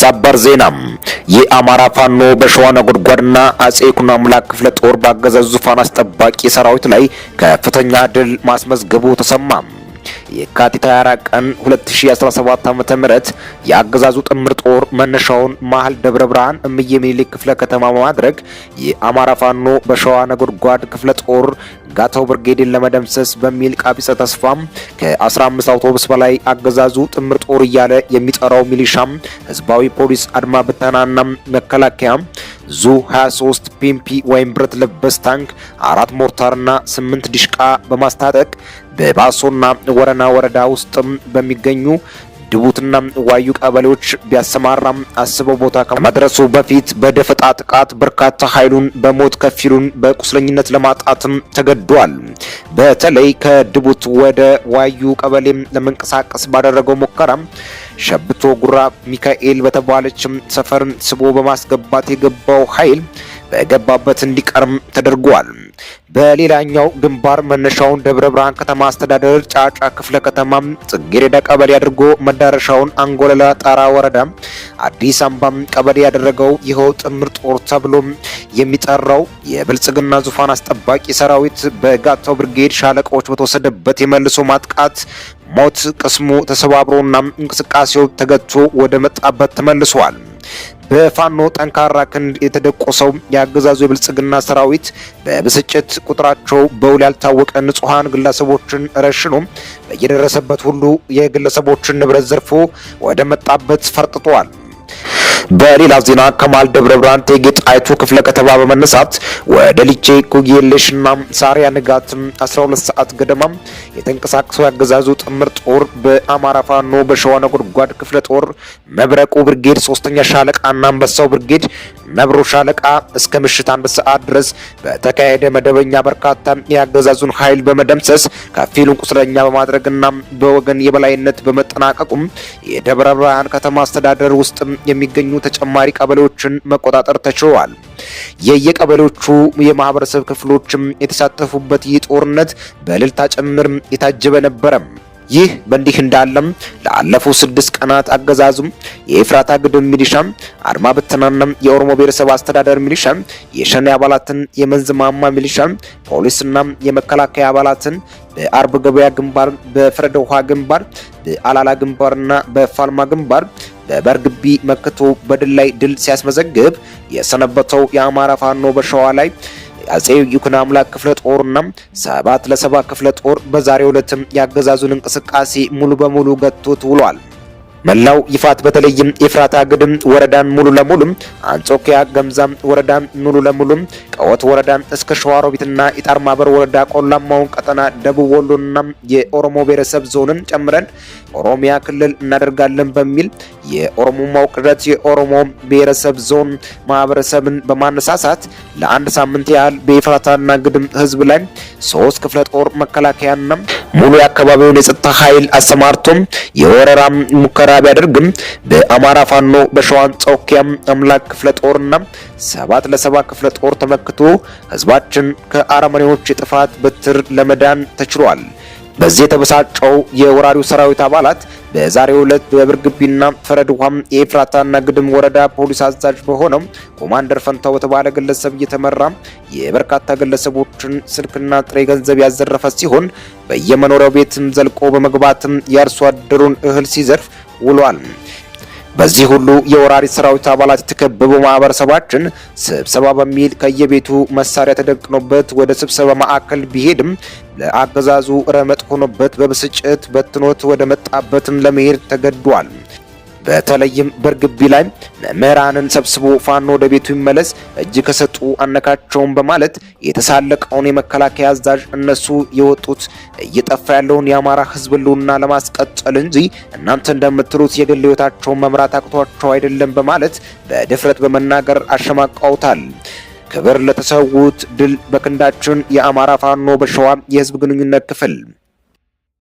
ሰበር ዜና የአማራ ፋኖ በሸዋ ነጎድጓድና አጼ ይኩኖ አምላክ ክፍለ ጦር ባገዛዙ ዙፋን አስጠባቂ ሰራዊት ላይ ከፍተኛ ድል ማስመዝገቡ ተሰማም። የካቲት 24 ቀን 2017 ዓ.ም የአገዛዙ ጥምር ጦር መነሻውን መሀል ደብረ ብርሃን እምዬ ምኒልክ ክፍለ ከተማ በማድረግ የአማራ ፋኖ በሸዋ ነጎድጓድ ክፍለ ጦር ጋተው ብርጌድን ለመደምሰስ በሚል ቃቢጸ ተስፋም ከ15 አውቶቡስ በላይ አገዛዙ ጥምር ጦር እያለ የሚጠራው ሚሊሻም ህዝባዊ ፖሊስ አድማ ብተናና መከላከያ ዙ 23 ፒምፒ ወይም ብረት ለበስ ታንክ አራት ሞርታርና ስምንት ዲሽቃ በማስታጠቅ በባሶና ወረና ወረዳ ውስጥም በሚገኙ ድቡትና ዋዩ ቀበሌዎች ቢያሰማራም አስበው ቦታ ከመድረሱ በፊት በደፈጣ ጥቃት በርካታ ኃይሉን በሞት ከፊሉን በቁስለኝነት ለማጣትም ተገዷል። በተለይ ከድቡት ወደ ዋዩ ቀበሌም ለመንቀሳቀስ ባደረገው ሙከራም ሸብቶ ጉራ ሚካኤል በተባለችም ሰፈርን ስቦ በማስገባት የገባው ኃይል በገባበት እንዲቀርም ተደርጓል። በሌላኛው ግንባር መነሻውን ደብረ ብርሃን ከተማ አስተዳደር ጫጫ ክፍለ ከተማ ጽጌሬዳ ቀበሌ አድርጎ መዳረሻውን አንጎለላ ጣራ ወረዳ አዲስ አምባም ቀበሌ ያደረገው ይኸው ጥምር ጦር ተብሎም የሚጠራው የብልጽግና ዙፋን አስጠባቂ ሰራዊት በጋቶ ብርጌድ ሻለቃዎች በተወሰደበት የመልሶ ማጥቃት ሞት ቅስሙ ተሰባብሮና እንቅስቃሴው ተገቶ ወደ መጣበት ተመልሷል። በፋኖ ጠንካራ ክንድ የተደቆሰው የአገዛዙ የብልጽግና ሰራዊት በብስጭት ቁጥራቸው በውል ያልታወቀ ንጹሐን ግለሰቦችን ረሽኖ በየደረሰበት ሁሉ የግለሰቦችን ንብረት ዘርፎ ወደ መጣበት ፈርጥጧል። በሌላ ዜና ከማል ደብረ ብርሃን እቴጌ ጣይቱ ክፍለ ከተማ በመነሳት ወደ ልቼ ኩጌሌሽና ሳሪያ ንጋትም 12 ሰዓት ገደማ የተንቀሳቀሰው ያገዛዙ ጥምር ጦር በአማራ ፋኖ በሸዋ ነጎድጓድ ክፍለ ጦር መብረቁ ብርጌድ ሶስተኛ ሻለቃና አንበሳው ብርጌድ መብሮ ሻለቃ እስከ ምሽት አንድ ሰዓት ድረስ በተካሄደ መደበኛ በርካታ ያገዛዙን ኃይል በመደምሰስ ከፊሉን ቁስለኛ በማድረግና በወገን የበላይነት በመጠናቀቁም የደብረ ብርሃን ከተማ አስተዳደር ውስጥ የሚገኙ የሚገኙ ተጨማሪ ቀበሌዎችን መቆጣጠር ተችሏል። የየቀበሌዎቹ የማህበረሰብ ክፍሎችም የተሳተፉበት ይህ ጦርነት በእልልታ ጭምር የታጀበ ነበረም። ይህ በእንዲህ እንዳለም ለአለፉት ስድስት ቀናት አገዛዙም የኤፍራታ ግድም ሚሊሻም አድማ ብተናናም የኦሮሞ ብሔረሰብ አስተዳደር ሚሊሻም የሸኔ አባላትን የመንዝማማ ሚሊሻም ፖሊስና የመከላከያ አባላትን በአርብ ገበያ ግንባር፣ በፍረደ ውሃ ግንባር፣ በአላላ ግንባርና በፋልማ ግንባር በበርግቢ ግቢ መክቶ በድል ላይ ድል ሲያስመዘግብ የሰነበተው የአማራ ፋኖ በሸዋ ላይ አጼ ይኩኖ አምላክ ክፍለ ጦርና ሰባት ለሰባ ክፍለ ጦር በዛሬው ዕለትም ያገዛዙን እንቅስቃሴ ሙሉ በሙሉ ገጥቶት ውሏል። መላው ይፋት በተለይም የፍራታ ግድም ወረዳን ሙሉ ለሙሉም፣ አንጾኪያ ገምዛም ወረዳን ሙሉ ለሙሉም፣ ቀወት ወረዳን እስከ ሸዋሮቢትና የጣርማበር ወረዳ ቆላማውን ቀጠና ደቡብ ወሎና የኦሮሞ ብሔረሰብ ዞንን ጨምረን ኦሮሚያ ክልል እናደርጋለን በሚል የኦሮሞማው ቅረት የኦሮሞ ብሔረሰብ ዞን ማህበረሰብን በማነሳሳት ለአንድ ሳምንት ያህል በኤፍራታና ግድም ህዝብ ላይ ሶስት ክፍለ ጦር መከላከያና ሙሉ የአካባቢውን የጸጥታ ኃይል አሰማርቶም የወረራ ሙከራ ቢያደርግም በአማራ ፋኖ በሸዋን ጾኪያም አምላክ ክፍለ ጦርና ሰባት ለሰባ ክፍለ ጦር ተመክቶ ህዝባችን ከአረመኔዎች የጥፋት በትር ለመዳን ተችሏል። በዚህ የተበሳጨው የወራሪው ሰራዊት አባላት በዛሬው ዕለት በብርግቢና ፈረድ ውሃም የኤፍራታና ግድም ወረዳ ፖሊስ አዛዥ በሆነው ኮማንደር ፈንታው በተባለ ግለሰብ እየተመራ የበርካታ ግለሰቦችን ስልክና ጥሬ ገንዘብ ያዘረፈ ሲሆን በየመኖሪያው ቤትም ዘልቆ በመግባትም የአርሶ አደሩን እህል ሲዘርፍ ውሏል። በዚህ ሁሉ የወራሪ ሰራዊት አባላት የተከበበው ማህበረሰባችን ስብሰባ በሚል ከየቤቱ መሳሪያ ተደቅኖበት ወደ ስብሰባ ማዕከል ቢሄድም ለአገዛዙ ረመጥ ሆኖበት በብስጭት በትኖት ወደ መጣበትም ለመሄድ ተገዷል። በተለይም በርግቢ ላይ መምህራንን ሰብስቦ ፋኖ ወደ ቤቱ ይመለስ እጅ ከሰጡ አነካቸውን በማለት የተሳለቀውን የመከላከያ አዛዥ እነሱ የወጡት እየጠፋ ያለውን የአማራ ህዝብ ህልውና ለማስቀጠል እንጂ እናንተ እንደምትሉት የግል ህይወታቸውን መምራት አቅቷቸው አይደለም በማለት በድፍረት በመናገር አሸማቀውታል። ክብር ለተሰዉት ድል በክንዳችን። የአማራ ፋኖ በሸዋ የህዝብ ግንኙነት ክፍል